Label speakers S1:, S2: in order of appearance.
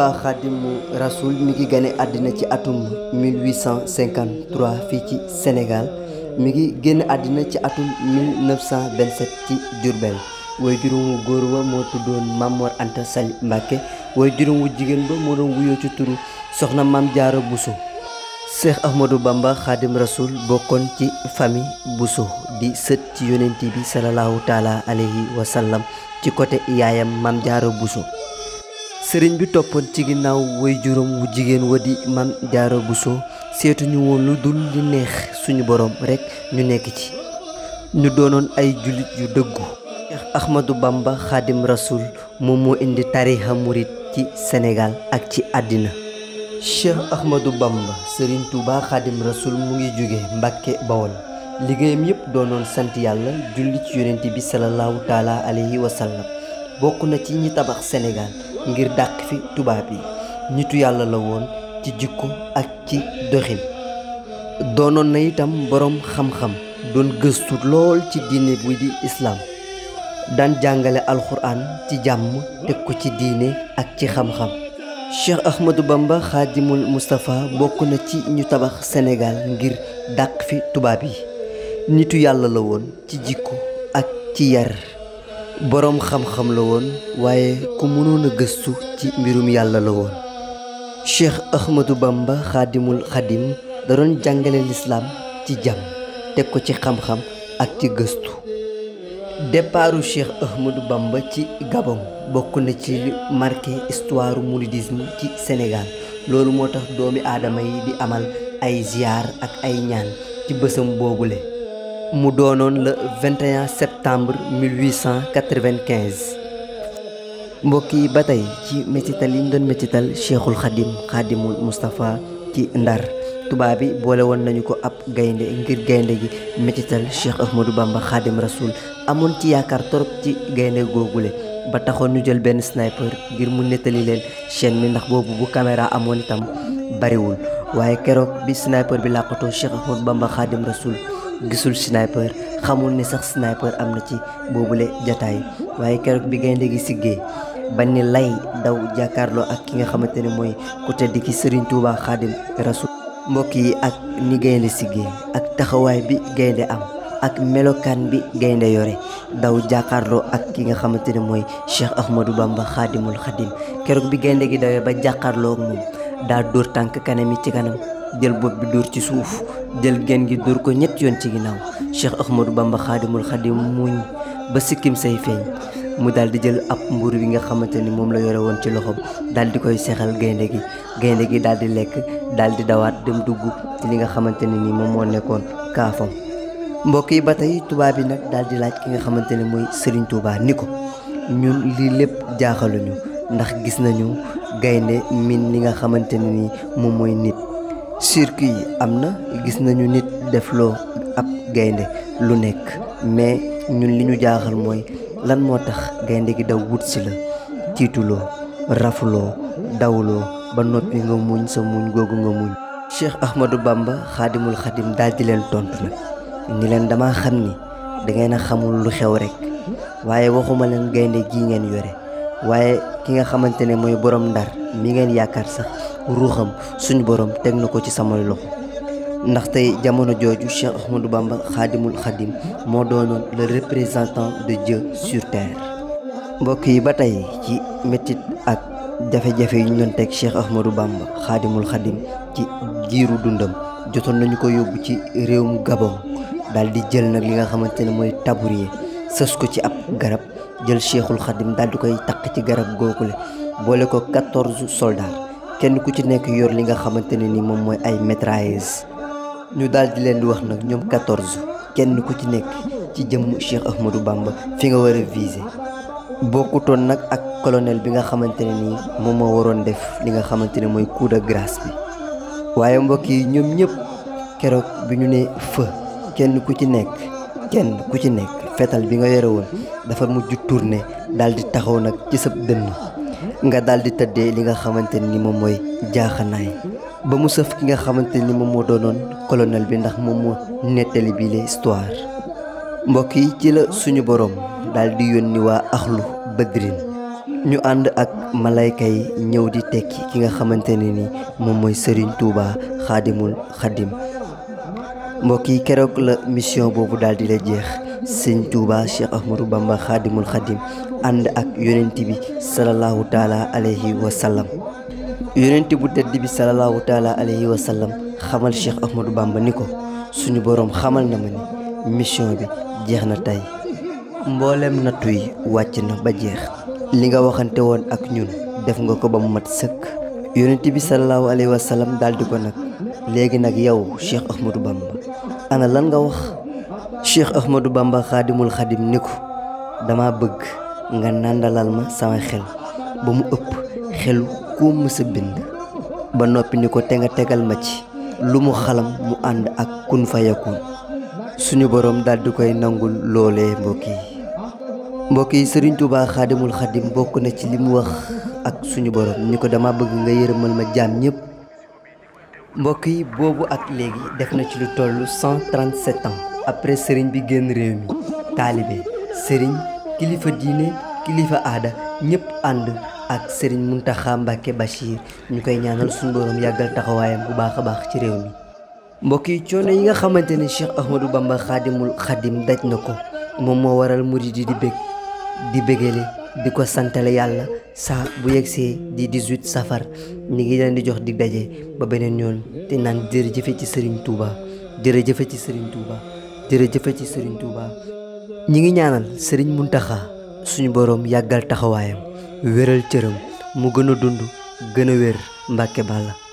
S1: Touba Xaadimu Rasul mi ngi gane àddina ci atum 1853 fii ci Sénégal mi ngi génn àddina ci atum 1927 ci Diourbel way juróom góor wa moo tuddoon Mamor Anta Sali Mbàkke way juróom jigéen ba moo doon wuyoo ci turu soxna Maam jaaro Buso Cheikh Ahmadou Bamba Xaadim Rasul bokkoon ci famille Bousso di sët ci yonent bi salallaahu taala alayhi wa ci côté yaayam Maam jaaro Buso sëriñ bi toppoon ci ginnaaw way juróom wu jigéen wa di Mame Diarra Bousso seetuñu woon lu dul li neex suñu boroom rekk ñu nekk ci ñu doonoon ay jullit yu dëggu Cheikh Ahmadou Bamba Xaadim Rasul moom moo indi tariixa murit ci Sénégal ak ci àddina Cheikh Ahmadou Bamba sëriñ Touba Xaadim Rasul mu ngi jóge Mbàkke Bawol liggéeyam yépp doonoon sent yàlla julli ci yonent bi salallaahu taala alayhi wa sallam bokk na ci ñi tabax senegaal ngir dàq fi tubaab yi nitu yàlla la woon ci jikko ak ci doxin doonoon na itam boroom xam-xam doon gëstu lool ci diine bi di islaam daan jàngale alxuraan ci jàmm teg ko ci diine ak ci xam-xam Cheikh Ahmadou Bamba xaadimul Moustapha bokk na ci ñu tabax senegaal ngir dàq fi tubaab yi nitu yàlla la woon ci jikko ak ci yar boroom xam-xam la woon waaye ku mënoon gëstu ci mbirum yàlla la woon Cheikh Ahmadou Bamba xaadimul xadim da doon jàngale lislaam ci jàmm teg ko ci xam-xam ak ci gëstu départu Cheikh Ahmadou Bamba ci Gabon bokk na ci li marqué histoire ci Sénégal loolu moo tax doomi aadama yi di amal ay ziyaar ak ay ñaan ci bësam boobule mu doonoon le 21 septembre 1895 mbokk yi ba tey ci métital yi doon métital Cheikhul Khadim Khadimul Moustapha ci Ndar tubaab yi boole woon nañu ko ab gaynde ngir gaynde gi métital Cheikh Ahmadou Bamba Khadim Rasoul amoon ci yaakaar torop ci gaynde googule ba taxoon ñu jël benn sniper ngir mu nettali leen chaîne mi ndax boobu bu caméra amoon itam bariwul waaye keroog bi sniper bi làqatoo Cheikh Ahmadou Bamba Khadim Rasoul gisul sniper xamul ni sax sniper am na ci boobule jataay waaye keroog bi gaynde gi siggee ba ni lay daw jàkkaarloo ak ki nga xamante ni mooy ku tedd ki Serigne Touba Khadim Rasoul mbokk yi ak ni gaynde siggee ak taxawaay bi gaynde am ak melokaan bi gaynde yore daw jàkkaarloo ak ki nga xamante ni mooy Cheikh Ahmadou Bamba Khadimul Khadim keroog bi gaynde gi dawee ba jàkkaarloo ak daa dóor tànk kanam yi ci kanam jël bopp bi duur ci suuf jël genn gi dóor ko ñetti yoon ci ginnaaw Cheikh Ahmadou Bamba xaadimul xadim muñ ba sikkim say feeñ mu daal di jël ab mbuur bi nga xamante ni moom la yore woon ci loxo daal di koy sexal gaynde gi gaynde gi daal di lekk daal di dawaat dem dugg ci li nga xamante ne ni moom moo nekkoon kaafam mbokk yi ba tey tubaab yi nag daal di laaj ki nga xamante ne mooy Serigne Touba ni ko ñun lii lépp jaaxaluñu ndax gis nañu gaynde min li nga xamante ne ni moom mooy nit cirque yi am na gis nañu nit defloo ab gaynde lu nekk mais ñun li ñu jaaxal mooy lan moo tax gaynde gi daw wut si la tiituloo rafuloo dawuloo ba noppi nga muñ sa muñ googu nga muñ Cheikh Ahmadou Bamba xaadimul xadim daal di leen tontu nag ni leen dama xam ni dangeen a xamul lu xew rek waaye waxuma leen gaynde gi ngeen yore waaye ki nga xamante ne mooy borom ndar mi ngeen yaakaar sax ruuxam suñu borom teg na ko ci samay loxo ndax tey jamono jooju Cheikh Ahmadou Bamba xaadimul xadim moo doonoon le représentant de Dieu sur mbokk yi ba tey ci mettit ak jafe-jafe yu ñu doon teg Cheikh Ahmadou Bamba xaadimul xadim ci giiru dundam jotoon nañu ko yóbbu ci réewum Gabon daal di jël nag li nga xamante ne mooy tabourier sës ko ci ab garab jël Cheikhul xadim daal koy takk ci garab googule boole ko quatorze soldats kenn ku ci nekk yor li nga xamante ne ni moom mooy ay mitrailleuses ñu daal di leen di wax nag ñoom quatorze kenn ku ci nekk ci jëmm Cheikh Ahmadou Bamba fi nga war a viser bokkutoon nag ak colonel bi nga xamante ne ni moom moo waroon def li nga xamante ni mooy coup de bi waaye mbokk yi ñoom ñëpp keroog bi ñu ne fë kenn ku ci nekk kenn ku ci nekk fetal bi nga yore woon dafa mujj tourné daal di taxaw nag ci sab dënn nga daal di tëddee li nga xamante ni moom mooy jaaxanaay ba mu sëf ki nga xamante ni moom moo doonoon colonel bi ndax moom moo nettali bi la histoire mbokk yi ci la suñu boroom daal di yónni waa axlu badrin ñu ànd ak malayka yi ñëw di tekki ki nga xamante ne ni moom mooy sëriñ tuuba xaadimul xadim mbokk yi keroog la mission boobu daal di la jeex sëñ Touba Cheikh Ahmadou Bamba xaadimul xadim ànd ak yonent bi salallaahu taala alayhi wa sallam yonent bu tedd bi salallaahu taala alayhi wa sallam xamal Cheikh Ahmadou Bamba ni ko suñu boroom xamal na ma ni mission bi jeex na tey mboolem na yi wàcc na ba jeex li nga waxante woon ak ñun def nga ko ba mu mat sëkk yonent bi salallaahu alayhi wa sallam daal ko nag léegi nag yow Cheikh Ahmadou Bamba ana nga wax cheikh ahmadou bamba xaadimul xadim ni ko dama bëgg nga nàndalal ma sama xel ba mu ëpp xelu ku mësa bind ba noppi ni ko te nga tegal ma ci lu mu xalam mu ànd ak kun fayakun suñu boroom daldi koy nangul loolee mbokk yi mbokk yi sëriñ tubaa xaadimul xadim bokk na ci li mu wax ak suñu boroom ni ko dama bëgg nga yërëmal ma jaam ñëpp mbokk yi boobu ak léegi def na ci lu toll 137 ans après sëriñ bi génn réew mi taalibe sëriñ kilifa diine kilifa aada ñëpp ànd ak sëriñ Muntaxa Mbàkke Bachir ñu koy ñaanal suñu borom yàggal taxawaayam bu baax a baax ci réew mi mbokk yi coono yi nga xamante ne Cheikh Ahmadou Bamba xaadimul xadim daj na ko moom moo waral murid yi di bég di bégale di ko santale yàlla saa bu yegsee di 18 safar ñi ngi leen di jox di daje ba beneen yoon te naan jërëjëfe ci sëriñ Touba jërëjëfe ci sëriñ Touba jërëjëfe ci Serigne Touba ñi ngi ñaanal Serigne Mountakha suñu boroom yàggal taxawaayam wéral cëram mu gën a dund gën a wér Mbàkke Bàlla